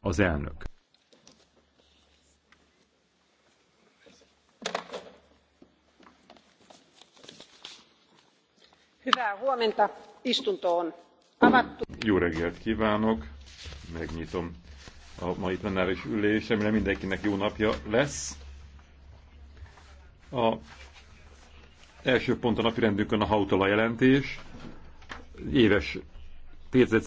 Az elnök. Jó reggelt kívánok. Megnyitom a mai plenáris ülés. amire mindenkinek jó napja lesz. A első pont a napirendünkön a Hautala jelentés éves 2000